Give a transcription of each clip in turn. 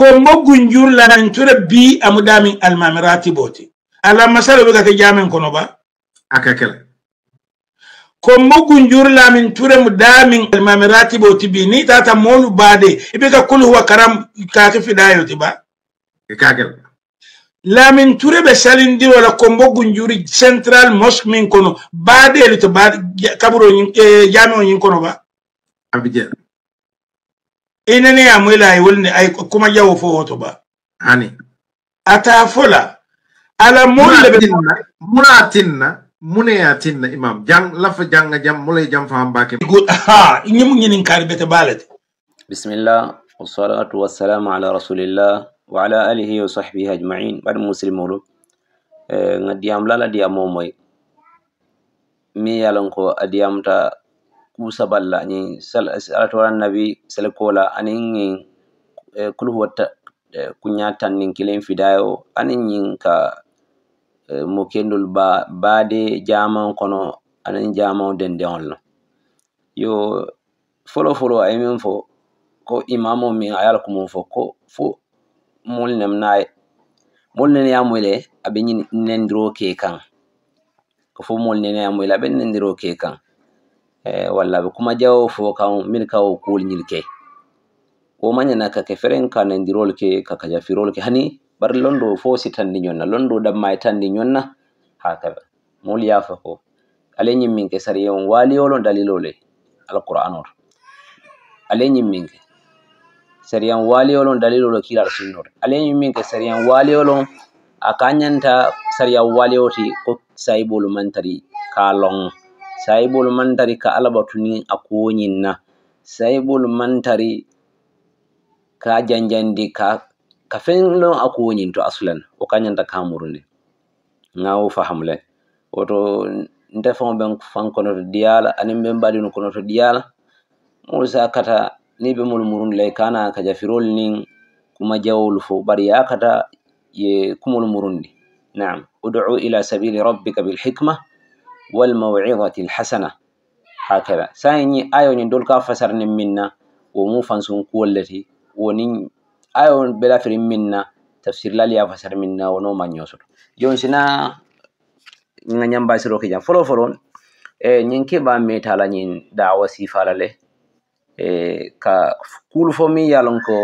kombo gunjur lananture bi amudami almamirati boti ala masala be kata jamen kono ba akakela kombo gunjur lamin ture mudamin almamirati boti bi ni tata molu bade ibe ka kul huwa karam ka ka fidayo ti ba kakela lamin ture be salindi wala kombo gunjuri central mosque min kono bade elito bade kaburo eh, jamen kono ba abidjan ina ne amwela ai wulni ai kuma yawo fo hoto ba ani ata fola ala mulle be munatinna muneyatinna imam jang lafa jang jam mulay jam fa am bake good ha nyim ngin kar bete balade bismillah والصلاة والسلام على رسول الله وعلى آله وصحبه أجمعين بعد مسلم مولود ngadiam lala dia momoi mi yalon ko adiamta Musa balla ni salatoran nabi salkola anin yin e, kulhuwa e, kunya tannin kilin fidayo anin yin ka e, mokendul ba bade jaman kono anin jaman dende onno yo folo folo ay min fo ko imamo min ayal ko mun fo ko fo mul nem nay mul nen yamule abin nen droke kan ko fo mul nen yamule abin nen droke kan E, walla ɓe kuma jawo fo kam min kam kuulñilke ko mañana kake feren ka nandirolke ka kaja firolke hani ɓar londo fo si tanndi ñonna londo ɗammay e tanndi ñonna haa kaa mol yaafa ko ale ñimminke sari e on waaliyolo dalilole alquran or ale ñimminke sariyan waaliyolon dalilolo kiilal sunnor ale ñimminke sariyan waaliyolon a kañanta sariyan waaliyoti ko saybolu mantari kaa lon saibul mantari ka alabatu ni a koñinna saibul mantari ka janjandi ka ka fenlo a koñin to aslan o kañanta kamurunde ngawo fahamle woto ndefon ɓen fankono to diyala anin ɓen mbaɗino kono to diyala mulsa kata ni ɓe mulmurun ley kana ka jafirol nin kuma jawol fo ɓar yakata ye kumolmurundi naam udu ila sabili rabbika bilhikma والموعظة الحسنة هكذا سايني آيو ندول كافسر منا ومو فانسون كولتي ونين آيو بلا فرين منا tafsir lali ya fasar minna wono ma ñosoro yon sina nga ñamba siro ke jam folo folo e eh, ñin ke ba me tala ñin dawa sifala le e eh, ka kul fo mi yalon ko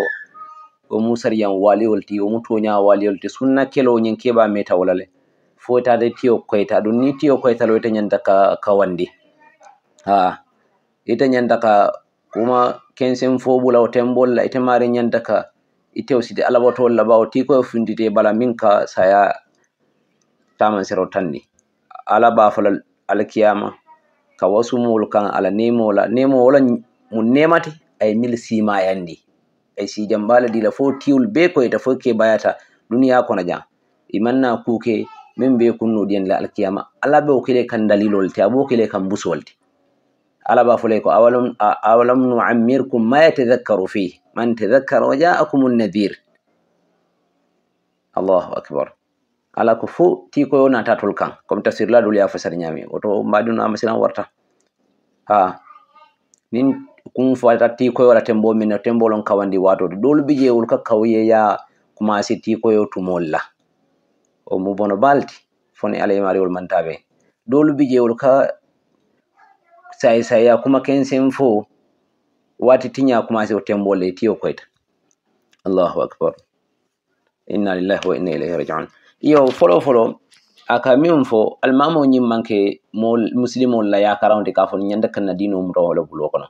o musar yan wali olti o mutonya wali olti sunna kelo ñin ke ba me tawla le foytaade tiyo koyta ɗum ni tiyo koytal wita ñannda ka ka wanndi haa ita ñannda ka kuma kensen fobula o tembolla ite maari ñannda ka itewsidi alabatolla ba o tiikoye funndite bala min ka saya taman sero tanni ala baafal alkiyama ka wasumol kan ala nemowola nemowola mo nemate ay mil simayanndi ay si jambala dila fo tiwol be koyta fo ke bayata duniya kono jan imanna kuuke min be kunnuɗiyan le alkiyama ala be wokile kan dalilolte a bo wokile kan busolte ala ba fulay ko awalam nuammirkum ma yatadakkaru fih man tadakkara wajaakum nnadir allahu akbar ala ko fu tikoyo natatol kan comme tafsir laɗol yafo sar ñami oto mbaɗinoama silan warta ha nin kum fata tikoyola tembo min tembolon kawandi watode ɗolbijewol ka kawyeya kumasi tikoyo tumolla o mo bono balti foni alaymarewol mantaɓe dowlu bijewol ka say saya kuma ken kensen fo wati tinya kuma sai tembole tiyo koita allahu akbar inna lillahi wa inna ilayhi raji'un iyo folo folo aka min fo almamo nyim manke muslimo la ya karawde ka fo nyanda kan dino mo rolo bulo kono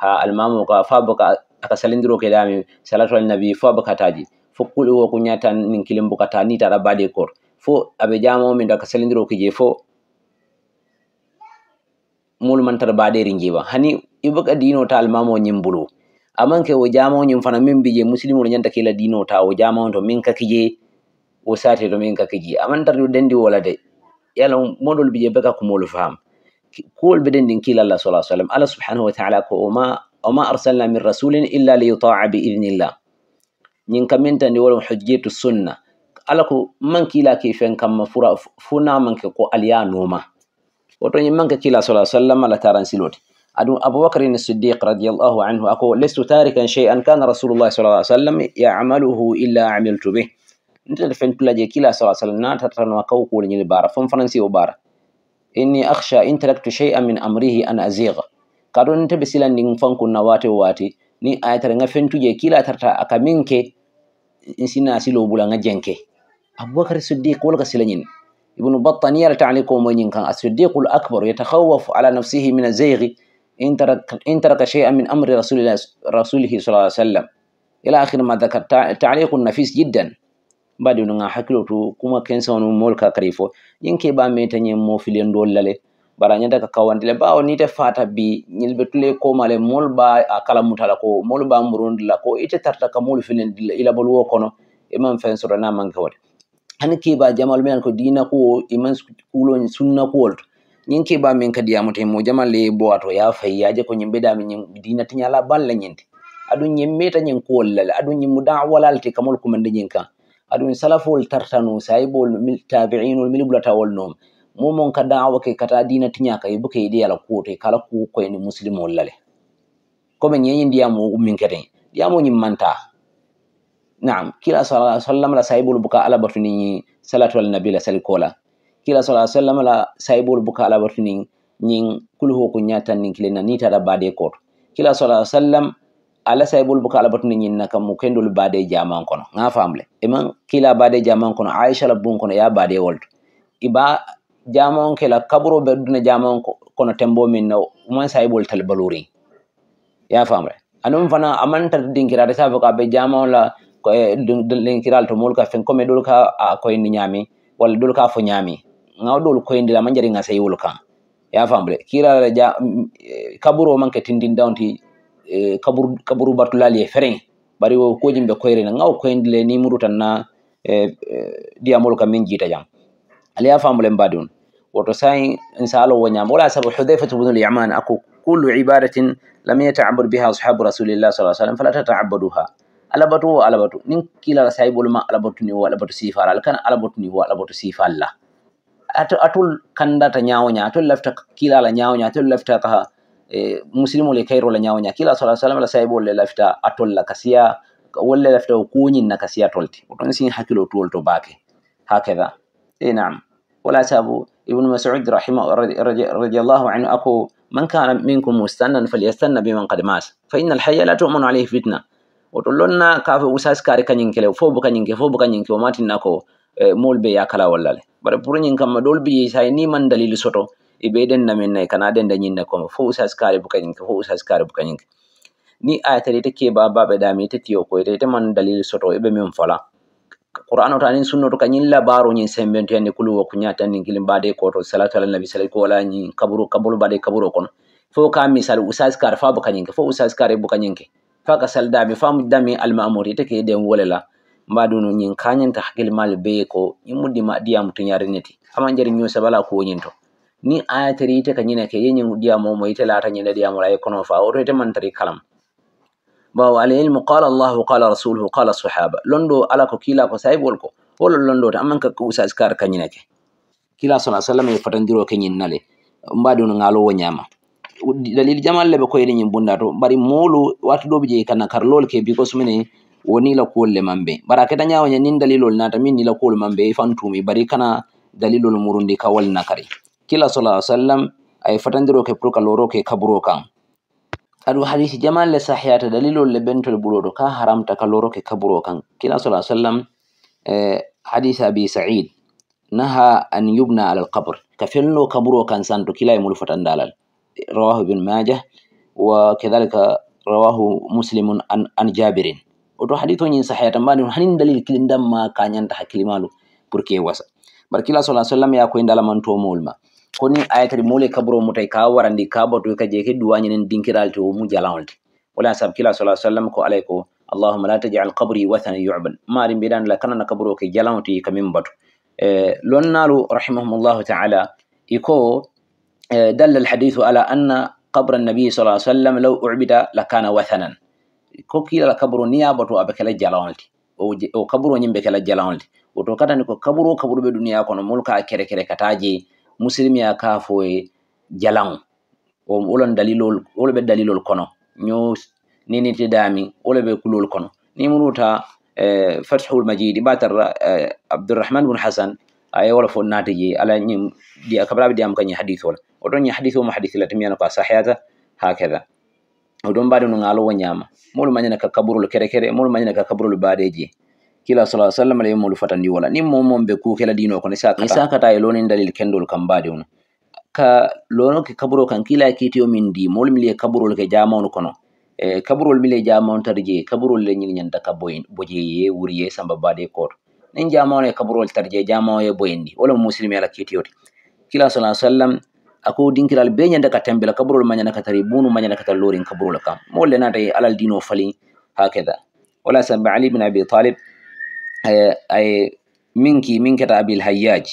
ha almamo ka fa baka aka salindiro ke dami salatu al nabi fa baka taji fukulu kulu wo kunyata nin kilim buka tani tara kor fo aɓe jamao min daka salidiro kuje fo mulmantar baɗeri njiwa hani ibaka dinota almamo ñimbulu aman ke o jamao ñim fana min mbije musilimo ñanta kila dinota o jamao to min kakije o sate to min kakije aman tardi dendi wala de yala modol bije beka kumolu faam kuwol beden din kila allah sala sallam allah subhanahu wa taala ko oma oma arsalna min rasulin illa liyutaa biidnillah ñin kamintandi wolon hojjetu sunna ala manki la ki fen kam fura funa manke ko aliya noma woto nyi manke kila sallallahu alaihi wasallam la taran siloti adu abubakar ibn siddiq radiyallahu anhu ako lestu tarikan shay'an kana rasulullah sallallahu alaihi wasallam ya'maluhu illa amiltu bih ntel fen tulaje kila sallallahu alaihi wasallam na tatran wa kaw ko nyi bara fon fanansi o bara inni akhsha in taraktu shay'an min amrihi an azigh kadon nta bisilan ning fanku na wate wate ni ayatare nga fen tuje kila tarta akaminke insina silo bulanga jenke أبو بكر الصديق ولغا سلنين ابن بطانية لتعليق ومين كان الصديق الأكبر يتخوف على نفسه من الزيغ إن ترك, إن ترك شيئا من أمر رسول الله رسوله صلى الله عليه وسلم إلى آخر ما ذكر تعليق نفيس جدا بعد أن حكيلو كما كان سونو مولكا كريفو ينكي با ميتاني مو فيلين دول لالي baranya daga kawandile bawo nite fata bi ñilɓe tule komale mol ba a kala mutala ko mol ba murundila ko ite tarta ka molu filindila ilabol wo kono iman fen soro na manke wode han keɓa jamal mean ko dinakuwo iman kulon sunnakuwol to yin keɓa min kadi yamoto e mo jamal le bowa to ya fayyaje ko yimɓe dami yin dina tiñala balla yinde aɗum yin meta yin kuwol lale aɗum yin mu dawalalte kamol kumande yin kan aɗum salafowol tartano sayibowol tabiinol milblatawol noon momon ka dawake kata dina tiñaka yibu e ke yiɗi e ala kuwo to kala kuwo koyni muslimol lale komin yeyi ndiyamo min kete ndiyamo yin manta naam kila sa sallam la sahibol buka ala batuni salatuwal nabi la sali kola kila sa sallam la sahibol buka ala batuni ñin kulhoo ko ñatan nin kilena nitata baade koto kila sa sallam ala sahibol buka ala batuni ñin nakam mo kendol baade jaman kono ga famle eman kila baade jaman kono aicha la bun kono ya baade wolto iba jamon kela kaburo be duna jamon kono tembo min na mo sahibol tal balori ya famle anum fana amanta dinkirade sa fo ka be jamon la dulinkiral eh, to mulka fen kome ɗulka a koyndi ñami walla ɗulka fo ñami ŋaw ɗul koyndila ma jari ŋa sey wul kan ya famble kiralaja eh, kaburo manke tindin dawnti eh, kaburu bartulalie ferin bari kuji ɓe koyrena ŋaw koyndile ni muru tan na e, e, diya mulka min jiita jam aliya famble mbadi un woto sai insalo wo ñama wala sabu hudayfatu bnu lyaman aku kullu ibadatin lam yetaabud biha ashabu rasulillah sa sallam fala tataabaduha alabatu wo alabatu nin kila saybolma alabatu ni wo alabatu sifal al kana alabatu ni wo alabatu sifal la at, atol kandata ñawoña atol lafta kilala ñawoña atol lafta kaha e, muslimo le kayrola ñawoña kila sa sallam la saybol le lafta atol la kasiya wolle lafta o koñin na kasiya tolte oton sin hakkilo tuwol to baake hakeda e nam wala sabu ibnu masud rahima radiallahu anhu ako man kana minkum mustannan falyastanna biman kad mas fa inna alhaya la tumanu alayhi fitna oɗo lonna kafe usasi kare kañinkele fobo kañinke fobo kañinke o matinnako e, molbe yakala wallale bara pour ñin kamma ɗolbiyi sa ni man dalil soto e ɓeyɗen naminnayi kana ɗen dañinna koma fo usasi kare bo kañinke fo usasi kare bo kañinke ni ayatarite keba baɓe dami tetiyo koyetete man dalil soto eɓe min fala qur'an ota nin sunnoto kañin labaro ñin sembento yande kulu wokko ñatannin kilin mbade koto salatu ala nabi sala ko wala ñin kaburu kabolu mbade kaburo kono fo ka misal usasi kare fa bo kañinke fo usasi kare bo kañinke faka dami al almamuri take nden yin mbaɗuno nyin hakil mal be ko yimmudima diyam to yarineti aman jari yusa bala to ni ayatiri ite ka nyinake yenyin diyamo mo ite lata nyina diyamo la kono fa oto man mantari kalam al alilmu qala allahu qala rasuluhu qala sahaba londo ala ko kila ko bol ko holo londo ta amanka ko usas kar kanyinake kila sallallahu alaihi wasallam e fatandiro kanyin nale mbaɗuno ngalo ma. dalili jamalle ɓe koyni yim bunda to mbari molu wartuɗoɓe je kana karlol ke bicos mine wo nila kolle mamɓe bara keta yawa yanin dalilol nata min nila kol mamɓe e fantumi bari kana dalilol murundi kawal nakari kila sala sallam ay fatandiroke pour ka loroke kaburo kan aɗum hadisi jamalle sahiyata dalilol le bentol ɓuroɗo ka haramta ka loroke kaburo kan kila sala sallam eh, hadise abi said naha an yubna alal kabr ka felno kaburo kan santo kila e mulu fatandalal رواه ابن ماجه وكذلك رواه مسلم عن, عن جابر oto hadit oñin sahayatambani hani dalil kilindamma kañanta hakkilimalu pour que wasa bar kila sa sallam yakoye dalamantomol ma koni ayatari mole kaboromotay ka warandi ka bato kaje ke duwañinen dinkiralte omu jalaolde wala sab kila sa sallam ko alay ko allahuma la tajal kabri wathana yuban mari mbiɗanla kanana kaboro ke jalaoto kamin batu eh, lonnalu rahimahumllahu taala iko Eh, dalla alhadith ala anna kabra annabii sa sallam law ubida lakana wathanan kokkilala kaburo niyaba to aɓe kala jalawolde o kaburo ñimɓe kala jalawolde oto katani ko kaburo kaburuɓe duniya kono mulka kere kere kataje muslimiya kafo e jalan olon dalilol oloɓe dalilol kono ño ninite dami oloɓe kulol kono nimunuta eh, fathul majidi batar eh, abdurrahman bun hasan aye wala fo natije alañim kaɓraɓe diyam kañi hadithola oɗon yahdithumo hadithi la timiyana ko a sahiyata hakada oɗon mbaɗi no ngaalowo ñaama mulu manyana ka kaburul kere kere molu mañana ka kaburul badeji kila sallallahu alaihi wasallam ala mulu fatani wala nin momon ku kukela dino kono ni sakata e lonin dalil kendol kam mbaɗi ono ka lono ke kaburo kan kila kiti o min di mulu mili e kaburol ke jamawno kono e kaburul mili jama on tarje kaburul le nyin nyanta ka boyin boje bojeye wuriye samba baɗe koto nin on e kaburul tarje jama o e boyindi wala muslimi ala kiti o kila sallallahu alaihi wasallam ako dinkiral be ñande ka tembela kaburol mañana ka bunu mañana ka lorin kaburol kam molle nataye alal dino fali hakeda wala sambe ali bin abi talib aye eh, eh, minki min keta abil hayyaj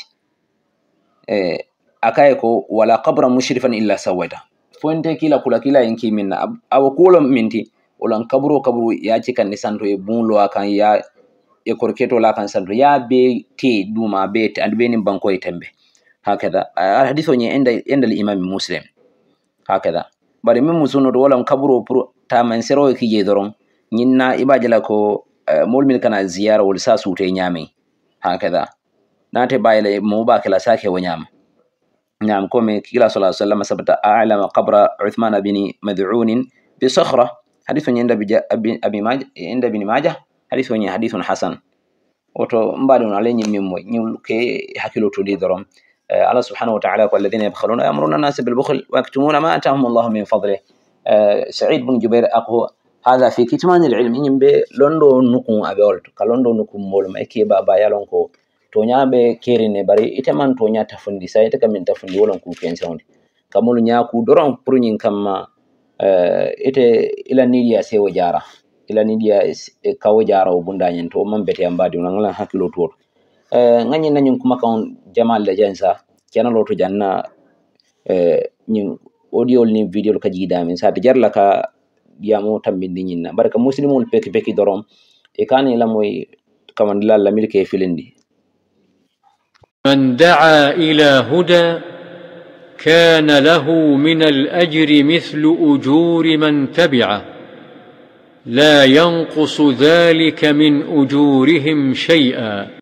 eh, akaye ko wala kabra mushrifan illa sawaita fonte kila kula kila yenki minna awo kuwolo minti olan kaburo kaburo yaci kan ni e bunlo akan ya e korketo la kan santo ya be te duma be andi be nin banko tembe hakada alhadith wenye enda enda limami muslim hakada bari min musuno to walam kaburo pro taman sero kije doron nyinna ibajala ko molmin kana ziyara wol sa sute nyami hakada nate bayele mo ba kala sake wanyama nyam kome kila sala sallam sabata a'lama qabra uthman bin mad'un bi sakhra hadith wenye enda abi maja enda bin maja hadith wenye hadithun hasan oto mbade unalenyi mimwe nyulke hakilo tudi Allah subhanahu wa ta'ala kwa alladhina yabkhaluna yamuruna nasa bilbukhl wa ma atahum Allah min fadlih Sa'id bin Jubair ako hadha fi kitman alilm nyimbe londo nukum abe olto ka londo nukum molum e ke baba yalon ko to nyabe kerine bari ite man to nya tafundi sai ite kamin tafundi wolon ku ken sound kamul nya ku doron purnyin kamma ite ila nidiya sai wajara ila nidiya o bundanyen to man bete nan hakilo to ŋanyin na ɲin kumakanw jamaa lajɛ sa kena lotu janna ɲin audiol ni videol ka jigi damin sa tijarla ka yamo tambindi ɲin na bari ka muslimol peki peki doron i kani lamoy kamandila lamil ke filindi من دعا الى هدى كان له من الاجر مثل اجور من تبعه لا ينقص ذلك من اجورهم شيئا